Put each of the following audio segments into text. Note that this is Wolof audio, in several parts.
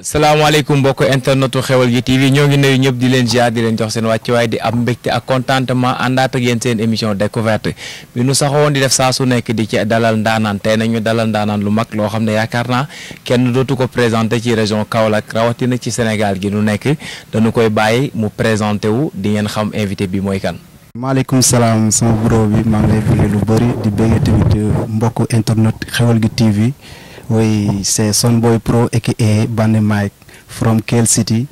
salaamaaleykum mbokk internetu xewal gi TV ñoo ngi nuyu ñëpp di leen ziar di leen jox seen wàccuwaay di am mbégte ak contentement àndaat ak yéen seen émission découverte bi nu saxoon di def saa su nekk di ci dalal ndaanaan tey nañu dalal ndaanaan lu mag loo xam ne yaakaar naa kenn dootu ko présenté ci région Kaolack rawatina ci Sénégal gi nu nekk dañu koy bàyyi mu présenté wu di ngeen xam invité bi mooy kan. maaleykum salaam sama bureau bi maa ngi lu bëri di mbokk internet xewal gi TV. oui c'est Sonboy Pro aka Bandit Mike from Kell City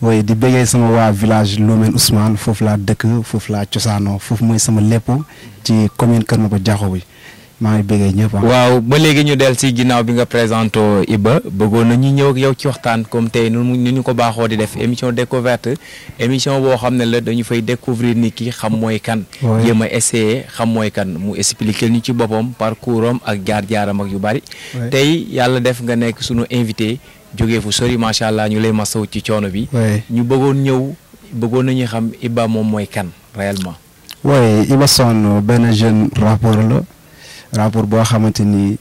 oui di bëggee sama waa village Lomen Ousmane foofu laa dëkk foofu laa cosaanoo foofu mooy sama lépp ci commune Kër Maba Diakhou bi maa ngi bëggee ñëpp ah. waaw ba léegi ñu del si ginnaaw bi nga présenté Iba bëggoon na ñu ñëw ci waxtaan comme tey nu nu ñu ko baaxoo di def émission découverte émission boo xam ne la dañu fay découvrir ni ki xam mooy kan jéem a xam mooy kan mu expliquer ñu ci boppam parcours am ak jaar-jaaram ak yu bari tey yàlla def nga nekk sunu invité jógee fu sori macha allah ñu lay masaw ci coono bi ñu bëggoon ñëw bëggoon nañu xam Iba moom mooy kan réellement waaye Iba Sohone benn jeune rappeur la rapport boo xamante ni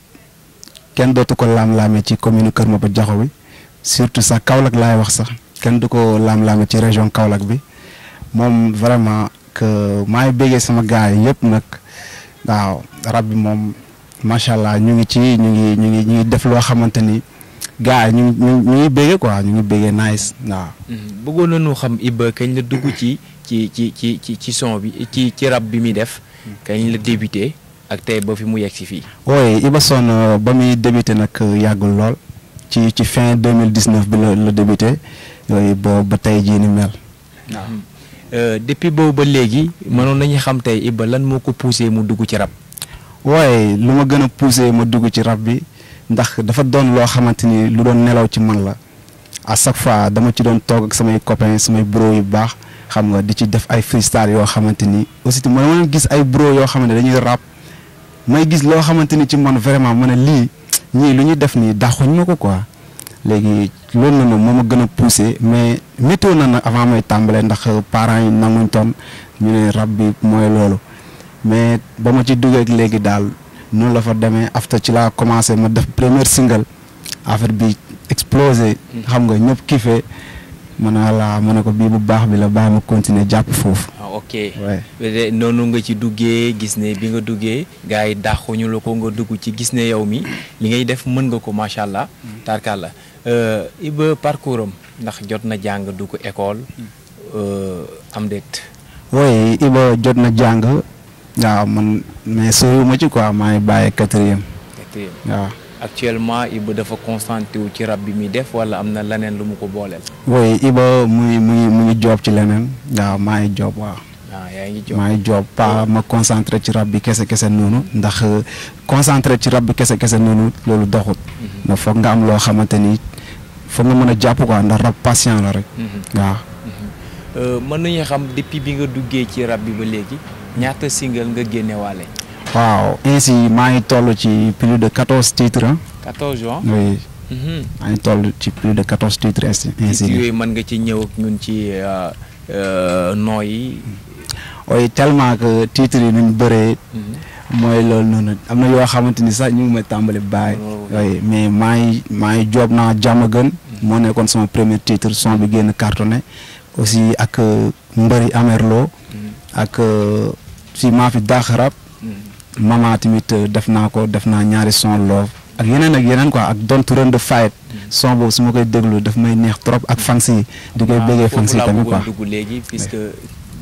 kenn dootu ko laam-laame ci commune Kër Maba Jaxaw bi surtout sax Kaolack lay wax sax kenn du ko laam-laame ci région Kaolack bi moom vraiment que maay béggee sama gars yi yëpp nag waaw rab bi moom macha allah ñu ngi ci ñu ngi ñu ngi ñu ngi def loo xamante ni gars yi ñu ngi ñu ngi béggee quoi ñu ngi béggee nice waaw. Mm-hmm. bëggoon nañu xam Iba kañ la dugg ci ci ci ci ci son bi ci ci rab bi muy def. Mm-hmm. kañ la débuté. ak tey ba fi mu yegg si fii. oui Iba Son euh, ba muy débuté nag euh, yàggul lool ci ci fin mille 2019 bi la la débuté yooyu ba ba tey jii ni mel. waaw euh, depuis boobu ba léegi mënoon nañu xam tey Iba lan moo ko poussé mu dugg ci rab. waaye lu ma gën a poussé ma dugg ci rab bi ndax dafa doon loo xamante ni lu doon nelaw ci man la à chaque fois dama ci doon toog samay copains samay bro yu baax xam nga di ci def ay freestyle yoo xamante ni aussi ma doon gis ay bro yoo xamante dañuy rap. may gis loo xamante ni ci man vraiment ma ne lii ñii lu ñuy def nii dàquñ ma ko quoi léegi loolu noonu moom a gën a poussé mais météo na na avant may tàmbalee ndax parent yi nanguñ toon ñu ne rab bi mooy loolu mais ba ma ci duggee léegi daal noonu la fa demee after ci laa commencé ma def première single affaire bi explosé xam nga ñëpp kiffé ma ne voilà ma ne ko bii bu baax bi la baax ma continuer jàpp foofu. ah ok noonu nga ci duggee gis ne bi nga duggee gars yi dàquñu la ko nga dugg ci gis ne yow mi li ngay def mën nga ko macha allah. tarkaal la euh, Iba parcours am ndax jot na jàng dugg école euh, am déet. oui Iba jot na jàng waaw man mais soriwuma ci quoi maa ngi bàyyi quatrième. quatrième waaw. actuellement Iba dafa concentré wu ci rab bi muy def wala am na leneen lu mu ko booleel. oui Iba mu mu ngi joob ci leneen waaw maa ngi joob waaw. ah yaa ngi joob maa joob pas ma concentré ci rab bi kese kese noonu ndax euh, concentré ci rab bi kese kese noonu loolu doxut. Mhm. ndax foog nga am loo xamante ni foog nga mën a jàpp quoi ndax rab patient la rek. Mhm. waaw. Mhm. Euh, mën nañu xam depuis bi nga duggee ci rab bi ba léegi ñaata single nga génnewaale. waaw ainsi maa ngi toll ci plus de quatorze titres ah. quatorze mhm. ci plus de quatorze titres ainsi. ainsi yooyu mën nga ci ñëw ak ñun ci euh, euh, noo yi. ooy tellement yi nuñ bëree. Mhm. mooy loolu noonu am na yoo xamante ni sax ñu ma tàmbali baay. ooy oh, mais maa ngi maa ngi joob naa jàmm gën. Mhm. moo nekkoon sama premier titre son bi génn cartonné aussi ak euh, mbëri amerlo. ak si maa fi daax mama tamit euh, def naa ko def naa ñaari son love ak yeneen ak yeneen ko ak don't run the fight son boobu su ma koy déglu daf may neex trop ak fans yi di koy ah, bëggee fans yi tamit quoi dugg léegi puisque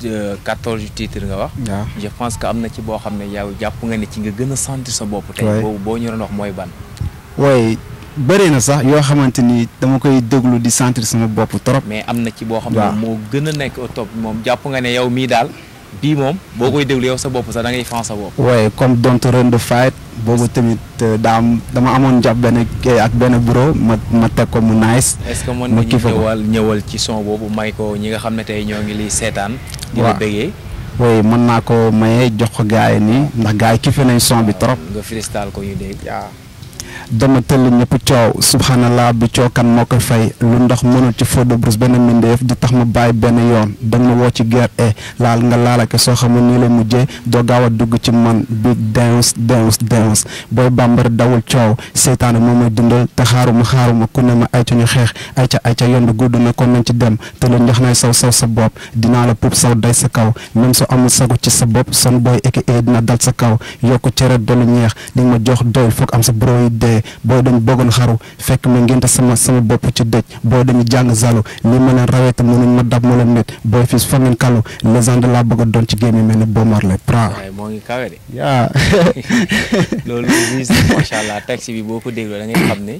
euh, quatorze titres nga wax je pense que am na ci boo xam ne yow jàpp nga ne ci nga gën a sentir sa bopp tey boobu boo ñu doon mooy ban waaye bëree na sax yoo xamante ni dama koy déglu di sentir sama bopp trop mais am na ci boo xam ne moo gën a nekk au moom jàpp nga ne yow mii daal bii moom boo koy déglu yow sa bopp sax da ngay fan sa bopp. waaye comme Don't Run the Fight boobu tamit euh, daa dama amoon jàpp benn ak benn bureau ma ma teg ko mu nice. est-ce que mën ñëwal ci son boobu may ko ñi nga xam ne tey ñoo ngi liy seetaan. di la bëggee. oui mën naa ko maye jox ko gars yi nii ndax gars yi kife nañ son bi trop. nga freestyle ko ñu dégg. dama tëll ñëpp coow subhanallah bi coow kan moo koy fay lu ndox mënul ci feu de brousse benn mbindeef di tax ma bàyyi benn yoon danga ma woo ci guerre e laal nga laalake soo xamul nii la mujjee doo gaaw a dugg ci man bi dance denc dance booy bambara dawul coow seytaane moom may dundal te xaaruma xaaruma ku ne ma ayca ñu xeex ay ayca ayca yoon bi gudd na kon nañ ci dem te lu njax nay saw saw sa bopp dinaa la puub saw day sa kaw même soo amul sagu ci sa bopp son booy eki dina dal sa kaw yokku cere dolu ñeex dee booy dem bëggoon xaru fekk ma ngénte sama sama bopp ci dëj booy dem jàng zalo li ma leen raweeta mu leen ma dab mu leen net booy fii fa ngeen kalu laa bëgg a doon ci gémmi mel ne Bob Marley pra moo ngi kawe de yaa loolu allah taxi bi boo ko dégloo da ngay xam ne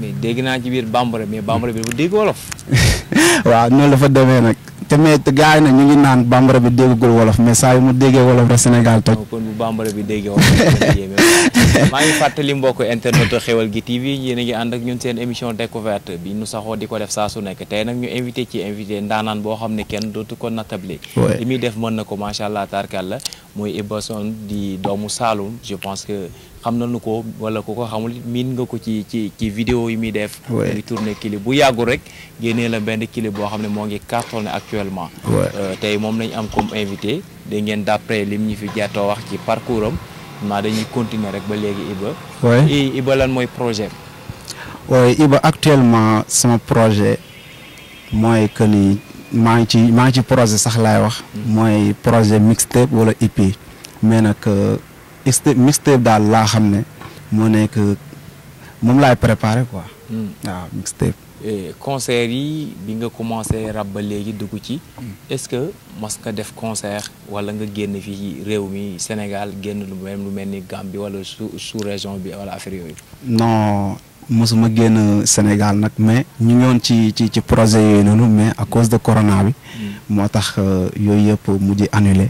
mais dégg naa ci biir bambara mais bambara bi bu dégg wolof. waaw noonu la fa demee nag ngi naan bambara bi déggul wolof mais mu déggee wolof rek Sénégal toj. kon bu bambara bi déggee wolof maa ngi fàttali mbokk internet xewal gi TV yéen a ngi ànd ak ñun seen émission découverte bi nu saxoo di ko def saa su nekk tey nag ñu invité ci invité ndaanaan boo xam ne kenn dootu ko natable. li muy def mën na ko macha allah tarkalla mooy Iba Son di doomu Saloum je pense que xam na nu ko wala ku ko xamul miin nga ko ci ci ci vidéo vidéo yi muy def mu ngi tourné bu yàggu rek génnee la benn clip boo xam ne moo ngi cartonné actuellement euh, tey moom lañ am comme invité da ngeen d'après lim ñu fi jàttoo wax ci parcours am dañuy continuer rek ba léegi Iba Iba lan mooy projet waaye Iba actuellement sama projet mooy que ni maa ngi ci maa ci projet sax laay wax hmm. mooy projet mixtape wala EP mais nag euh, mixtape daal laa xam ne moo nekk mom lay préparé quoi. Hmm. waaw mixtape. concert yi bi nga commencé rab légui dugg ci. Hmm. est-ce que mas nga def concert wala nga génn fi réew mi Sénégal génn lu même lu mel Gambie wala sous région bi wala affaire yooyu. non musuma génn Sénégal nak, mais ñu ngi won ci ci ci projet yooyu mais à cause de corona bi. Hmm. motax tax euh, yooyu yëpp annuler. annulé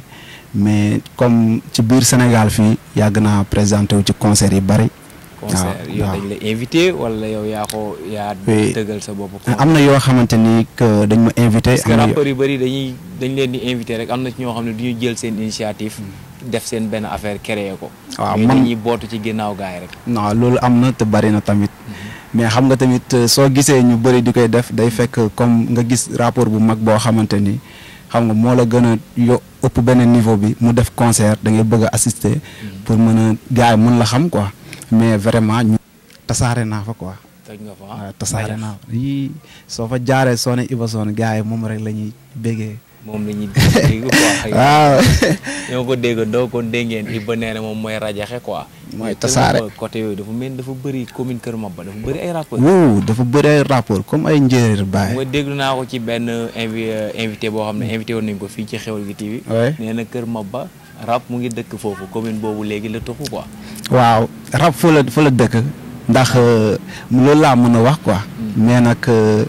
mais comme ci biir Sénégal fi yàgg naa présenté wu ci concert yi bari. concert ah, yow dañ la invité wala yow yaa ko yaa dëggal sa bopp eh, am na yoo xamante ni que dañ rek am na ci ñoo xam ne hmm. def seen ben affaire créé ko waaw ah, man dañuy bootu ci ginnaaw gaay rek non loolu am na te bari na tamit hmm. mais xam nga tamit euh, so gisee ñu bëri di def day fekk comme nga gis rapport bu mag boo xamante ni xam nga moo la gën a yo ëpp benn niveau bi mu def concert da ngay bëgg a assister hmm. pour mën a gars la xam quoi mais vraiment ñu tasaare naa fa quoi. toj nga fa tasaare naa fa soo fa jaaree soo ne Iba Soone gars yi moom rek la ñuy bégee. moom la ñuy dégg quoi. waaw ñoo ko dégg doo ko dégg ngeen Iba nee moom mooy rajaxe quoi. mooy tasaare côté yooyu dafa mel dafa bëri commune Kër Maba dafa bëri ay rapport. wow dafa bëri rapport comme ay njéeréer baay. mooy déglu naa ko ci benn invi euh, invité boo xam ne invité woon nañ ko fii ci xew gi TV. oui na Kër Maba. rab mu ngi dëkk foofu commune boobu léegi la tuxu ko waaw rab fa la la dëkk ndax euh, loolu laa mën a wax quoi. Mm. mais nag euh,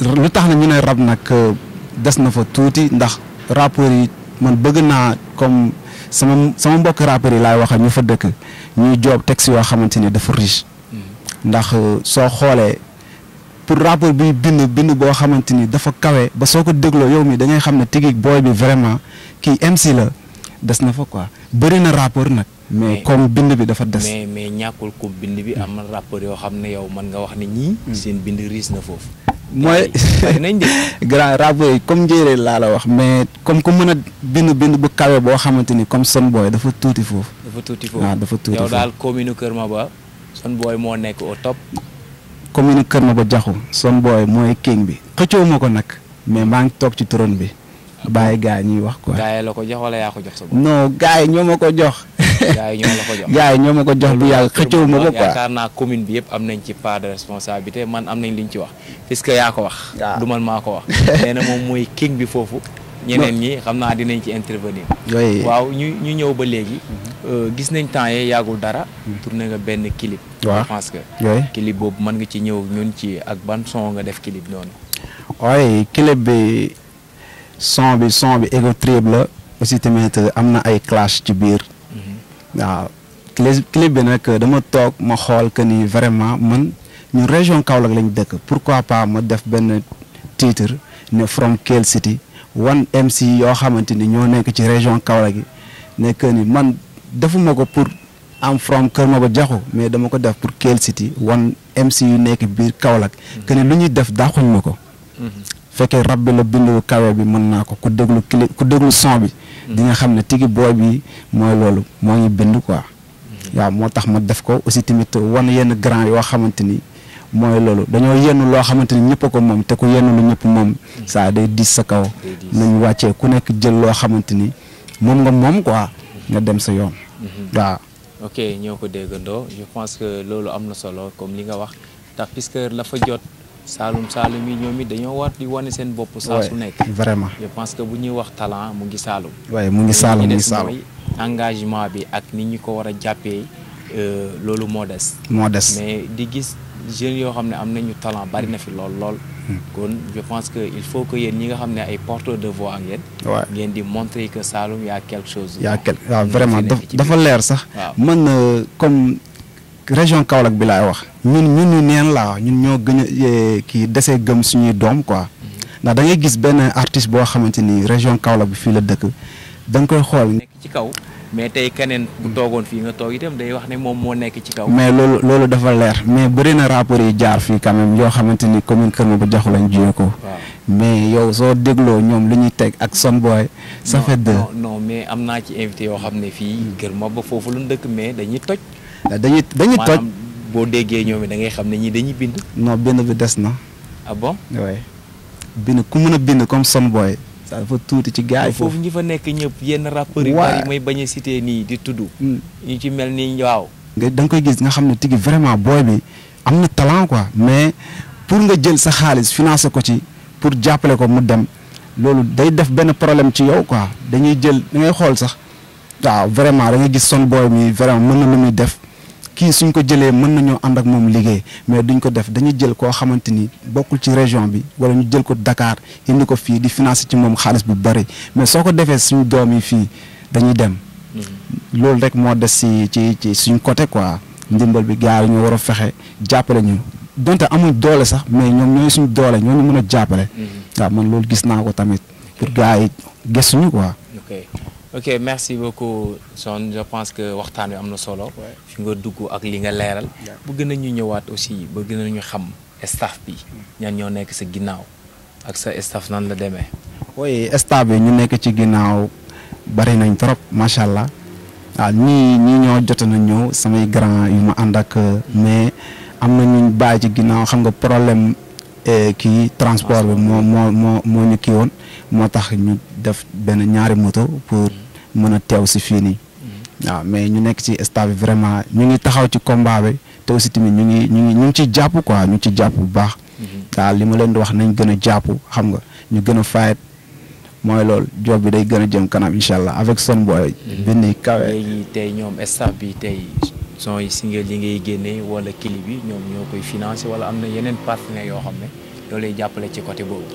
lu tax na ñu ne rab nag euh, des na fa tuuti ndax rapport yi man bëgg naa comme sama sama mbokk rapport yi laay wax waxal ñu fa dëkk ñuy joob si yoo xamante ni dafa riche. Mm. ndax soo xoolee pour rapport bi bind bind boo xamante ni dafa kawee ba soo ko dégloo yow mi da xam ne tigig booy bi vraiment kii MC la. des na fa quoi bëri na rapport nag. mais comme bind bi dafa des. mais ñàkkul ko bind bi am na rapport yoo xam ne yow man nga wax ne ñii. Hmm. seen bind riis na foofu. mooy grand rapport yi comme njéeréer laa la wax mais comme ku mën a bind bind bu kawe boo xamante ni comme Son booy dafa tuuti foofu. dafa tuuti foofu ah, dafa tuuti foofu yow daal commune Kër Maba Son Boy moo nekk au top. commune Kër Maba Jaxu Son Boy mooy king bi xëccoo ma ko nag mais maa ngi toog ci trône bi. bàyyi gaa yi ñuy wax quoi. gaa yi la ko jox wala yaa ko jox sa bopp. non gaa yi ñoo ma ko jox. gaa yi ñoo la ko jox gaa yi ñoo ma ko jox bu yàgg bi yëpp am nañ ci part de responsabilité man am nañ liñ ci wax puisque yaa ko wax. du man maa ko wax. nee na moom mooy king bi foofu. ñeneen ñi xam naa dinañ ci intervenir. waaw ñu ñu ñëw ba léegi. Mm-hmm. Euh, gis nañ temps yee yàggul dara. Mm-hmm. tourné nga benn clip. waaw je pense que. clip boobu man nga ci ñëw ñun ci ak ban son nga def clip noonu. ooy clip bi. son bi son bi ego trip la aussi tamit euh, am na ay clash ci biir mhm. waaw clip bi nag euh, dama toog ma xool que ni vraiment man ñu région Kaolack lañ dëkk pourquoi pas ma def benn titre ne from Kell City wan MC yoo xamante ni ñoo nekk ci région Kaolack gi ne que ni man defuma ko pour am from Kër Maba Jaxu mais dama ko def pour Kell City wan MC yu nekk biir Kaolack mhm. que ni lu ñuy def daaxuñ ma ko fekkee rab bi la bindu kawe bi mën naa ko ku déglu cli ku déglu son bi di nga xam ne tigi booy bi mooy loolu moo ñu bind quoi waaw moo tax ma def ko aussi tamit wan yenn grand yoo xamante ni mooy loolu dañoo yenn loo xamante ni ñëpp a moom te yenn lu ñëpp moom saa day diis sa kaw nañ wàccee ku nekk jël loo xamante ni moom nga moom quoi nga dem sa yoon mhm. waaw ok ñoo ko déggandoo je pense que loolu am na solo comme li nga wax ndax puisque la fa jot saalum saalum yi ñoom it dañoo war di wane seen bopp sa su nekk vraiment je pense que bu ñi wax talent mu ngi saalum way mu ngi saalum mu ngi saalum engagement bi ak ni ñi ko war a jàppee euh, loolu moo des moo des mais di gis jeunes yoo xam ne am nañu talent bari na fi lool lool hmm. kon je pense que il faut que yéen ñi nga xam ne ay porteurs de voix ngeen ngeen di montrer que Saloum y a quelque chose y a quelque vraiment dafa leer sax man euh, comme région Kaolack bi laay wax ñun ñun ñu neen laa ñun ñoo gën a eh, kii dese gëm suñuy doom quoi ndax da gis benn artiste boo xamante ni région Kaolack bi fii la dëkk da nga koy xool. nekk ci kaw mais tey keneen bu toogoon fii nga toog itam day wax ne moom moo nekk ci kaw. mais loolu loolu dafa leer mais bëri na rapport yi jaar fii quand même yoo xamante ni commune Kër Maba Diakhou lañ jiyee ko. mais yow soo dégloo ñoom lu ñuy teg ak son booy. ça fait mais am naa ci invité yoo xam ne fii Kër Maba foofu lu dëkk mais dañuy toj. Euh, dañuy dañuy toj boo déggee ñoom da ngay xam ne ñii dañuy bind. non bind bi des na. ah bon oui. bind ku mën a bind comme son boy. ça dafa tuuti ci gars yi foofu ñi fa nekk ñëpp yenn rappeurs yu bari may bañ a nii di tuddu hmm. ñu ci mel nii waaw. nga da nga koy gis nga xam ne tigi vraiment booy bi am na talent quoi mais pour nga jël sa xaalis financé ko ci pour jàppale ko mu dem loolu day def benn problème ci yow quoi dañuy jël da xool sax waaw vraiment da nga gis son booy mi vraiment mën na lu muy def. kii suñ ko jëlee mën nañoo ànd ak moom liggéey mais duñ ko def dañuy jël koo xamante ni bokkul ci région bi wala ñu jël ko dakaar indi ko fii di financer ci moom xaalis bu bari mais soo ko defee suñu doom yi fii dañuy dem. Mm-hmm. loolu rek moo des si ci ci suñ côté quoi ndimbal bi gars yi ñu war a fexe jàppale ñu donte amuñ doole sax mais ñoom ñooy suñ doole ñoo ñu mën a jàppale. Mm-hmm. waaw man loolu gis naa ko tamit pour gars yi gëstuñu quoi. ok merci beaucoup Son je pense que waxtaan wi am na solo. fi nga dugg ak li nga leeral. bëgg ñu ñëwaat aussi bëgg nañu xam staff bi. Mm. ñan ñoo nekk sa ginnaaw ak sa staff nan la demee. oui staff bi ñu nekk ci ginnaaw bari nañ trop macha allah waaw ñii ñii ñoo jot na ñëw samay grand yu ma ànd ak mais am na ñu bàyyi ci ginnaaw xam nga problème eh, ki transport bi moo moo moo moo ñu kii woon moo tax ñu. def benn ñaari moto pour mën a teew si fii nii. Mm-hmm. waaw mais ñu nekk si staff bi vraiment ñu ngi taxaw ci combat bi te aussi tamit ñu ngi ñu ngi ñu ngi ciy jàpp quoi ñu ngi jàpp bu baax. Mm-hmm. waaw li ma leen di wax nañ gën a jàpp xam nga ñu gën a fayet mooy loolu job bi day gën a jëm kanam incha allah avec son boy. Mm-hmm. bi ni kawe léegi tey ñoom staff bi tey son yi ngee yi ngay génnee wala kili bi ñoom ñoo koy financé wala am na yeneen partenaires yoo xam ne loolu lay jàppale ci côté boobu.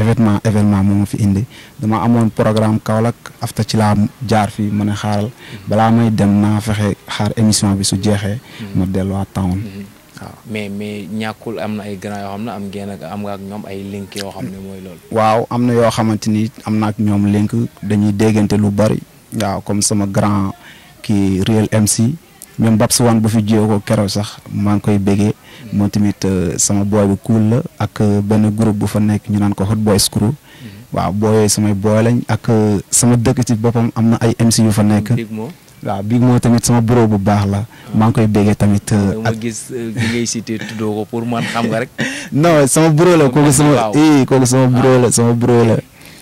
événement événement moom ma fi indi dama amoon programme Kaolack afta ci laa jaar fi mën a xaaral balaa may dem naa fexe xaar émission bi su jeexee ma hmm. delluwaat town hmm. waaw mais mais ñàkkul am na ay grand yoo xam ne am ngeen ak am nga ak ñoom ay link yoo xam ne mooy loolu waaw am na yoo xamante ni am na ak ñoom link dañuy déggante lu bari waaw comme sama grand kii Real MC même Babs Wane bu fi jiyee ko keroog sax maa ngi koy béggee moom tamit euh, sama booy bu cool la ak euh, benn groupe bu fa nekk ñu naan ko Hot Boys Crew waaw booy yooyu samay booy lañ ak euh, sama dëkk ci boppam am na ay MC yu fa nekk. waaw bii moo tamit sama bureau bu baax la. Ah. maa ngi koy béggee tamit. ak ma gis gi ngay cité tuddoo ko pour rek. sama bureau la kooku sama. sama bureau la sama bureau la.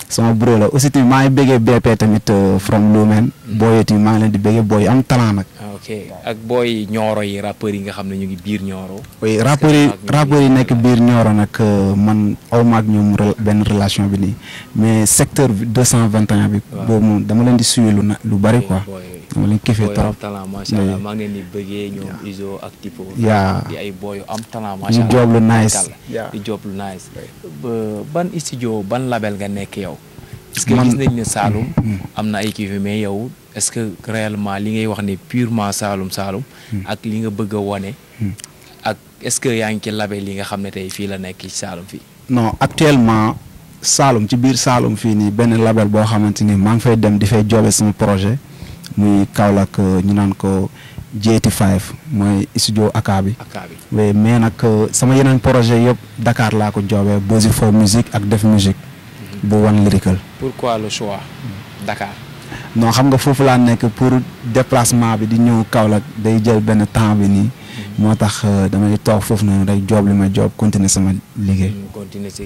sama bro la aussi tamit maa ngi bëggee BP tamit euh, from Lumen. booy yi maa ngi leen di bëggee booy yu am talent nag. Ah, ok ak booy ñooro yi rappeurs yi nga xam ne ñu ngi biir ñooro. oui rappeurs yi yi nekk biir ñooro nag euh, man aw ma ak ñoom benn relation bi nii mais secteur bi 221 bi. waaw boobu moom dama leen di suivre lu na lu bari quoi. dama leen maa ngi leen di bëggee ñoom iso ak tipo yaa di ay booyu am talent macha allah di job lu ban studio ban label nga nekk yow nañ ne mm-hmm. Saalum mm-hmm. am na ay kiifi mais yow est-ce que réellement li ngay wax ne purement Saalum Saalum mm-hmm. ak li nga bëgg wone ak est-ce que yaa ngi ci label li nga xam ne tey fii la nekk ci Saalum fii non actuellement Saalum ci biir Saalum fii nii benn label boo xamante ni maa ngi fay dem di fay joobe sama projet muy Kaolack euh, ñu naan ko GT5 mooy studio Aka bi. mais nag euh, sama yeneen projet yëpp dakaar laa ko joobee Bosi for musique ak def musique mhm. bu wan lyrical. pourquoi le choix Dakar. non xam nga foofu laa nekk pour déplacement bi di ñëw Kaolack day jël benn temps bi nii. Mhm. moo tax euh, damay toog foofu noonu rek joob li ma joob continuer sama liggéey. continuer c'est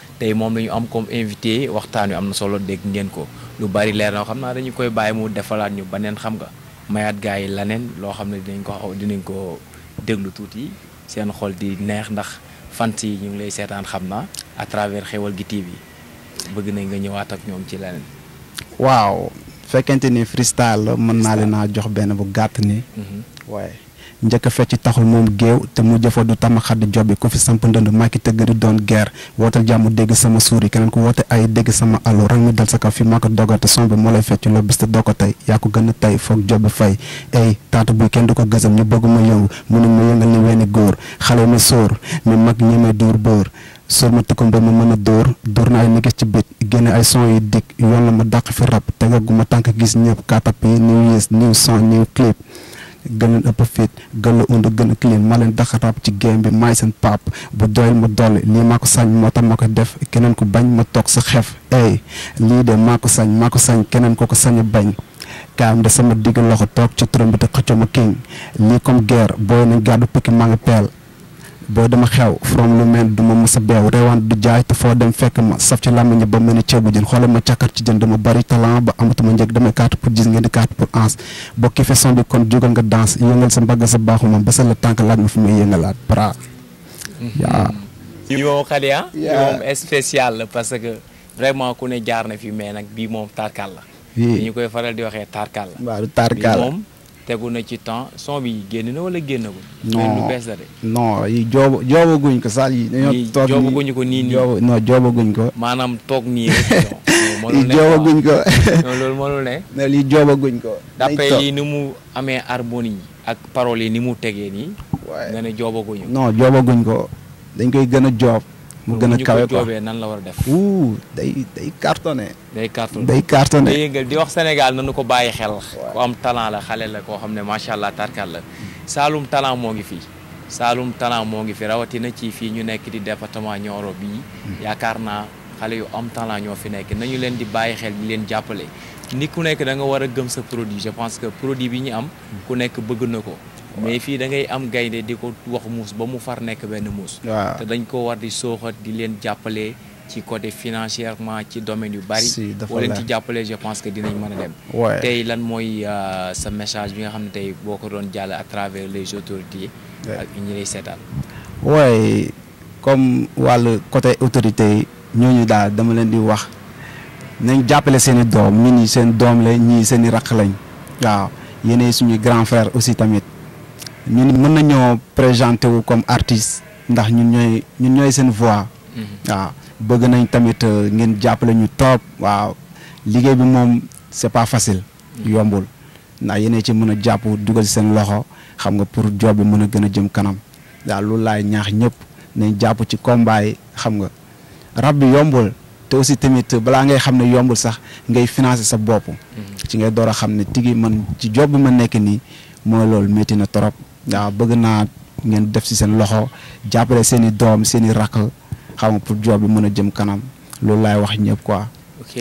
tey moom la ñu am comme invité waxtaan wi am na solo dégg ngeen ko lu bari leer na xam naa dañu koy bàyyi mu defalaat ñu baneen xam nga mayaat gars yi laneen loo xam ne dinañ ko dinañ ko déglu tuuti seen xool di neex ndax fans yi ñu ngi lay seetaan xam naa à travers Xeweul gi TV bëgg nañ nga ñëwaat ak ñoom ci leneen. waaw fekkente ni fristal la mën naa leen a jox benn bu gàtt ni waaye. Mhm. njëkk a fecc taxul moom géew te mu jëfa du tama xadd jobbi ku fi samp ndënd maaki tëgg di doon guerre wootal jàmm dégg sama suuri keneen ku woote ay dégg sama allo rang mi dal sa kaw fi maa ko dogate a tey foog jobbi fay ey taatu buy du ko gësam ñu ma yëngu mu ne ma yëngal ni weeni góor xale mi mag ñi may dóor bóor sóor ma tëkkum ba ma mën a door dóor na ay négis ci bit génne ay son yi dikk yoon la ma dàq fi rab tegaguma tànk gis ñëpp kaatap yi niw yées niw son niw gën leen ëpp fit gën la undu gën a clean maa leen dax rab ci game bi maay seen pap bu doyul ma dolli lii maa ko sañ moo tax ma ko def keneen ko bañ ma toog sa xef ey lii de maa ko sañ maa ko sañ keneen ko ko sañ a bañ kaam de sama digg loxo toog ci turam bi te xëccoo ma king lii comme guerre booy nañ gàddu piki maa ngi peel boo dama xew from lu mel du ma mës a beew reewaan du jaay te foo dem fekk ma saf ci làmmiñ ba mel ni ceebu jën xoolal ma càkkat ci jën dama bari talent ba amatuma njëg damay carte pour dix ngeen di carte pour ans bokki façon bi kon jógal nga danse yëngal sa mbagg sa baaxu moom ba sa la tànk laaj ma fu muy mm-hmm. la parce que vraiment ku ne jaar na fi mais nag bii moom tarkal la ñu koy faral di waxee tarkal la waaw tarkal moom tegu na ci temps son bi génn na wala génnagul. ko lu bees la de. non ko saal yi. dañoo toog ko nii nii. non joobaguñ ko. maanaam toog nii rek. mënul ko. non loolu mënul ne. ko. d'après lii ni mu amee harmonie ak paroles yi ni mu tegee nii. waaye nga ne ko. non ko dañ koy mu gën a kawe quoi joobee nan la war a def. wuu day day cartonné. day cartonné day cartonné. yëngal di wax Sénégal nañu ko bàyyi xel. ku am talan la xale la koo xam ne macha allah tarkal la. Saalum talent moo ngi fii. Saalum talent moo ngi fi rawatina ci fii ñu nekk di département Nioro bii. Hmm. yaakaar naa xale yu am talent ñoo fi nekk nañu leen di bàyyi xel di leen jàppale. ni ku nekk da nga war a gëm sa produit je pense que produit bi ñu am. Hmm. ku nekk bëgg na ko. mais fi da ngay am gaynde diko wax mous ba mu far nek ben mous te dañ ko war di di ci côté financièrement ci domaine yu bari ci je pense que dem lan euh, sa message bi nga à travers les autorités ak comme wàllu côté autorité avons da dama len di wax nañ dom ñi nous avons lañ waaw grand frère aussi tamit ñun mën nañoo présenté wu comme artiste ndax ñun ñooy ñun ñooy seen voix. Mhm. waaw bëgg nañ tamit euh, ngeen jàpp lañu topp waaw liggéey bi moom c'est pas facile. Mhm. yombul ndax yéen ci mën a jàpp dugal seen loxo xam nga pour job bi mën a gën a jëm kanam daal loolu laay ñaax ñëpp nañ jàpp ci combat xam nga rab bi yombul. te aussi tamit balaa ngay xam ne yombul sax ngay financer sa bopp. Mhm. ci ngay door a xam ne tigi man ci job bi ma nekk nii. mooy loolu métti na trop waaw bëgg naa ngeen def si seen loxo jàppale seen i doom seen i rakk xam pour job bi mën a jëm kanam loolu laay wax ñëpp quoi.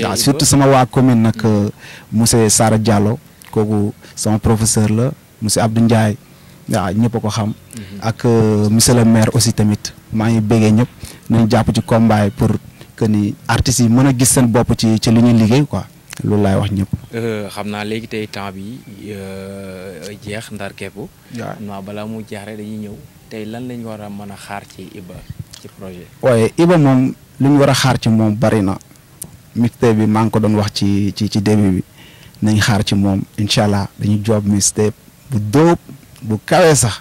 waaw surtout sama waa commune nag euh, monsieur Sara Diallo kooku sama professeur la monsieur Abdou Ndiaye waaw ñëpp a ko xam. Mhm. ak euh, monsieur le maire aussi tamit maa ngi béggee ñëpp nañ jàpp ci combat pour que ni artistes yi mën a gis seen bopp ci ci li ñuy liggéey quoi. loolu lay wax ñëpp. Euh, xam naa léegi tey temps bi euh, jeex ndar képp. balaa mu jeex rek dañuy ñëw tey lan lañ war a mën a xaar ci Iba ci projet waaye Iba moom li ñu war a xaar ci moom bari na mixtape bi maa ngi ko doon wax ci ci ci début bi nañ xaar ci moom incha allah dañu job mixtape bu dóob bu kawee sax.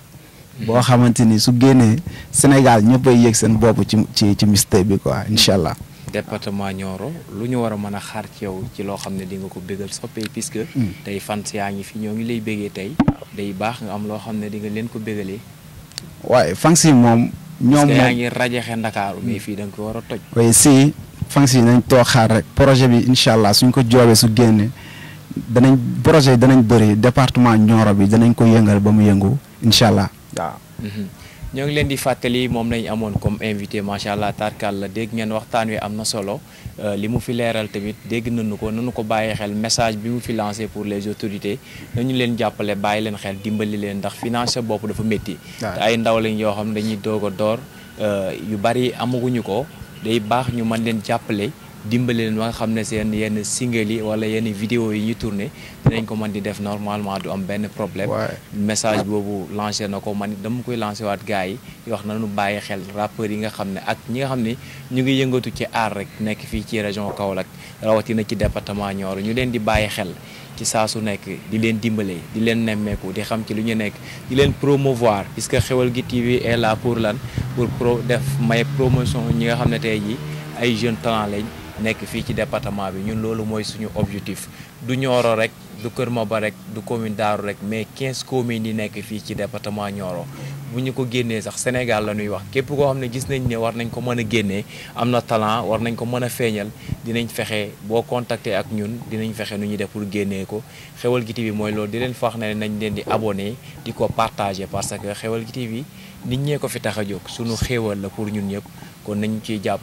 boo hmm. xamante ni su génnee Sénégal ñëpp a yéeg seen bopp ci ci ci mixtape bi quoi incha allah. département ñoro lu ñu war a xaar ci yow ci lo xam di nga ko bëggal soppé puisque hmm. tay fans yaa ngi fi ñoo ngi lay bëggé tay day baax nga am lo xam di nga leen ko bëggalé waaye fans yi mom ñoom yaa ngi xé dakar mais fi da nga ko toj si fans yi nañ to xaar rek projet bi inshallah suñ ko jowé su danañ projet danañ bëri département ñoro bi danañ ko yëngal ba mu yëngu ñoo ngi leen di fàttali moom nañu amoon comme invité macha allah tarkal la dégg ngeen waxtaan wi am na solo euh, li mu fi leeral tamit dégg nañu ko nañu ko bàyyi xel message bi mu fi lancé pour les autorités nañu leen jàppale bàyyi leen xel dimbali leen ndax finance sa bopp dafa métti te ay ndaw lañ yoo xam ne dañuy doog a door euh, yu bari amaguñu ko day baax ñu man leen jàppale dimbali leen ba nga xam ne seen yenn single yi wala yenn vidéo yi ñu tourné dinañ ko mën di def normalement du am benn problème message boobu lancé na ko man dama koy lancé waat gars yi di wax nañu bàyyi xel rappeurs yi nga xam ne ak ñi nga xam ne ñu ngi yëngatu ci art rek nekk fii ci région Kaolack rawatina ci département Nioro ñu leen di bàyyi xel ci saa su nekk di leen dimbale di leen nemmeeku di xam ci lu ñu nekk di leen promouvoir puisque Xeweul gi TV est la pour lan pour pro def may promotion ñi nga xam ne tey ji ay jeunes talent lañ nekk fii ci département bi ñun loolu mooy suñu objectif du Nioro rek du Kër ba rek du commune Daaru rek mais 15 communes yi nekk fii ci département Nioro bu ñu ko génnee sax Sénégal la ñuy wax képp koo xam ne gis nañ ne war nañ ko mën a génnee am na talent war nañ ko mën a feeñal dinañ fexe boo contacter ak ñun dinañ fexe nu ñuy def pour génnee ko Xeweul gi bi mooy loolu di leen faax ne nañ leen di abonné di ko partagé parce que Xeweul gi TV nit ñee ko fi tax a jóg sunu xéewal la pour ñun ñëpp kon nañu ciy jàpp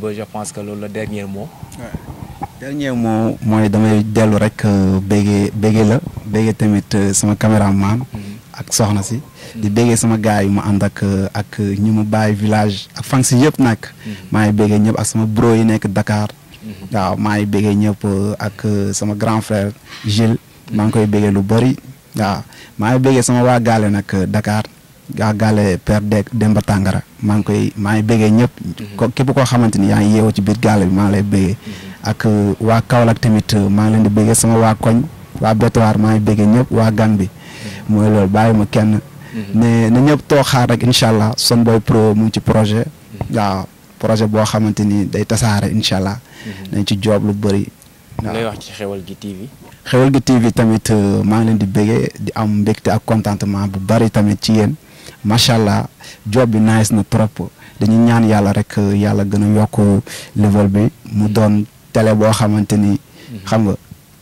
ba je pense que loolu la dernier mot. dernier mot mooy damay dellu rek euh, béggee béggee la béggee tamit euh, sama caméraman mm-hmm. ak soxna si di béggee sama gars yi mu ànd ak euh, ak ñi mu bàyyi village ak fan si yëpp nag mm-hmm. maa ngi béggee ñëpp ak sama bro yi nekk Dakar mm-hmm. waaw maa ngi béggee ñëpp ak sama grand frère Gilles maa ngi koy béggee lu bëri waaw maa ngi béggee sama waa gaale nag Dakar waa gaale Père Demba Tangara maa ngi koy maa ngi béggee ñëpp képp koo xamante ni yaa ngi ci biir gaale bi maa ngi lay béggee ak euh, waa Kaolack tamit euh, maa ngi leen di bëggee sama waa koñ waa Betuwaar maa ngi ñëpp waa gan bi mm-hmm. mooy loolu bàyyi ma kenn. Mm-hmm. ne na ñëpp too xaar rek incha allah Son Boy Pro ci projet. Mm-hmm. waaw projet boo xamante ni day tasaare incha allah. nañ ci joob lu bëri. waaw wax ci xewal gi xewal gi TV tamit euh, maa leen di bëggee di am mbégte ak contentement bu bari tamit ci yéen macha allah job bi na trop dañuy ñaan yàlla rek yàlla gën a yokk level bi mu doon. télé boo xamante ni. Mhm. xam nga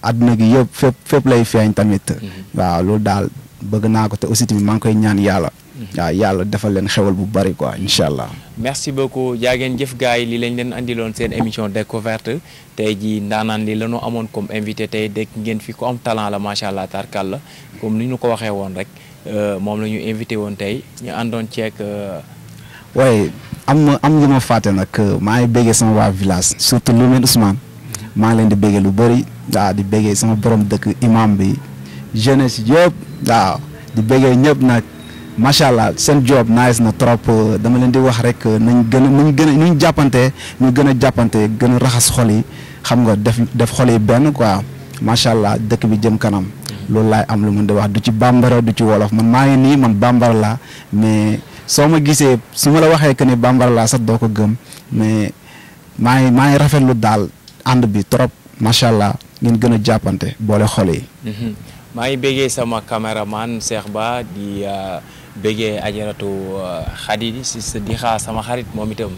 àdduna gi yëpp fépp lay feeñ tamit. Mhm. waaw loolu daal bëgg naa ko te aussi tamit maa ngi koy ñaan yàlla. Mhm. waaw yàlla defal leen xewal bu bari quoi incha allah. merci beaucoup jaa ngeen jëf gaa yi li lañ leen andiloon seen émission découverte tey jii ndaanaan li la ñu amoon comme invité tey dégg ngeen fi ko am talent la macha allah tarkal la comme ni ñu ko waxee woon rek euh, moom la ñu invité woon tey ñu àndoon ceeg. Euh, waaye am na am lu ma fàtte nag euh, maa ngi béggee sama waa village surtout lu mel Ousmane. maa ngi leen di béggee lu bëri waaw di béggee sama borom dëkk imam bi jeunesse yëpp waaw di bëggee ñëpp nag macha allah seen job nice na trop dama leen di wax rek nañ gën a nu gën a nuñ jàppante ñu gën a jàppante gën a raxas xol yi xam nga def def xol yi benn quoi macha allah dëkk bi jëm kanam loolu laay am lu mën di wax du ci bambara du ci wolof man maa ngi nii man bambara laa mais soo ma gisee su ma la waxee que ni bambara laa sax doo ko gëm mais maa ngi maa ngi rafetlu daal. ànd bi trop macha allah ngeen gën a jàppante boole xol yi. Mhm. maa ngi béggee sama caméraman Cheikh Ba di euh, béggee ajaratu euh, Khady si sa di xaa sama xarit moom itam.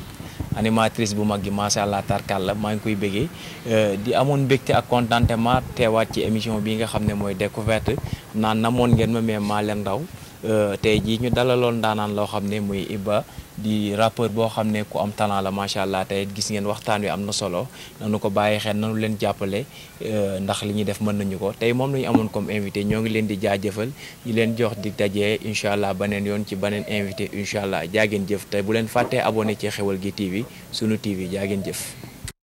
animatrice bu mag gi macha allah tarkal la maa ngi koy bëggee euh, di amoon mbégte ak contentement teewaat ci émission bi nga xam ne mooy découverte naan na moon ngeen ma mais maa leen raw te jii ñu dalaloon daanaan loo xam ne mooy Iba di rapport boo xam ne ku am talent la macha allah tey gis ngeen waxtaan wi am na solo nanu ko bàyyi xel nanu leen jàppale euh, ndax li ñuy def mën nañu ko tey moom la ñu amoon comme invité ñoo ngi leen di jëfal ñu leen jox di dajee incha allah baneen yoon ci baneen invité incha allah jaageen jëf te bu leen fàttee abonné ci Xeweul gi TV sunu TV ngeen jëf